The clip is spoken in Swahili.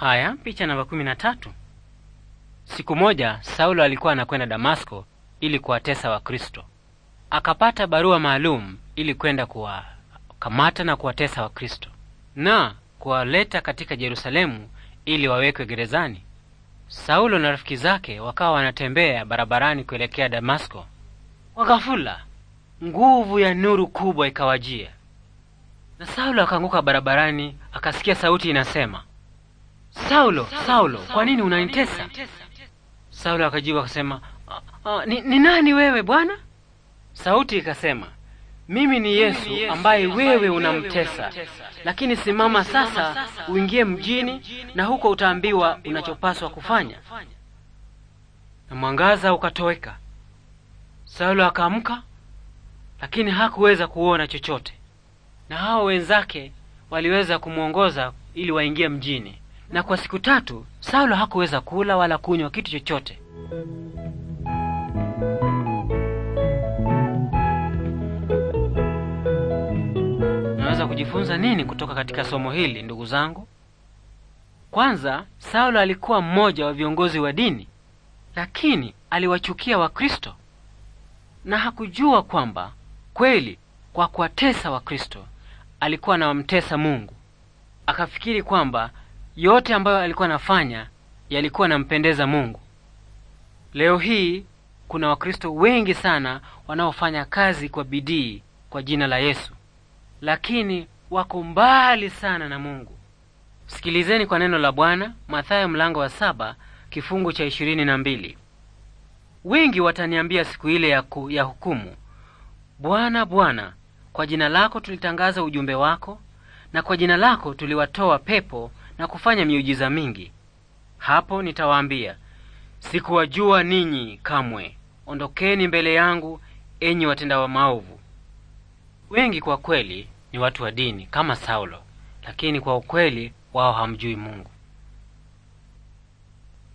Haya, picha namba kumi na tatu. Siku moja Saulo alikuwa anakwenda Damasko ili kuwatesa Wakristo. Akapata barua maalum ili kwenda kuwakamata na kuwatesa Wakristo na kuwaleta katika Yerusalemu ili wawekwe gerezani. Saulo na rafiki zake wakawa wanatembea barabarani kuelekea Damasko. Wakafula nguvu ya nuru kubwa ikawajia, na Saulo akaanguka barabarani, akasikia sauti inasema Saulo, Saulo, kwa nini unanitesa? Saulo akajibu akasema, ni, ni nani wewe Bwana? Sauti ikasema, mimi ni Yesu ambaye wewe unamtesa, lakini simama sasa uingie mjini, na huko utaambiwa unachopaswa kufanya. Na mwangaza ukatoweka. Saulo akaamka, lakini hakuweza kuona chochote, na hao wenzake waliweza kumwongoza ili waingie mjini na kwa siku tatu Saulo hakuweza kula wala kunywa kitu chochote. Unaweza kujifunza nini kutoka katika somo hili ndugu zangu? Kwanza, Saulo alikuwa mmoja wa viongozi wa dini, lakini aliwachukia Wakristo na hakujua kwamba kweli kwa kuwatesa Wakristo alikuwa anawamtesa Mungu. Akafikiri kwamba yote ambayo alikuwa anafanya yalikuwa nampendeza Mungu. Leo hii kuna Wakristo wengi sana wanaofanya kazi kwa bidii kwa jina la Yesu, lakini wako mbali sana na Mungu. Sikilizeni kwa neno la Bwana, Mathayo mlango wa saba kifungu cha ishirini na mbili. Wengi wataniambia siku ile ya, ku, ya hukumu, Bwana, Bwana, kwa jina lako tulitangaza ujumbe wako na kwa jina lako tuliwatoa pepo na kufanya miujiza mingi. Hapo nitawaambia, sikuwajua ninyi kamwe, ondokeni mbele yangu, enyi watenda wa maovu. Wengi kwa kweli ni watu wa dini kama Saulo, lakini kwa ukweli wao hamjui Mungu.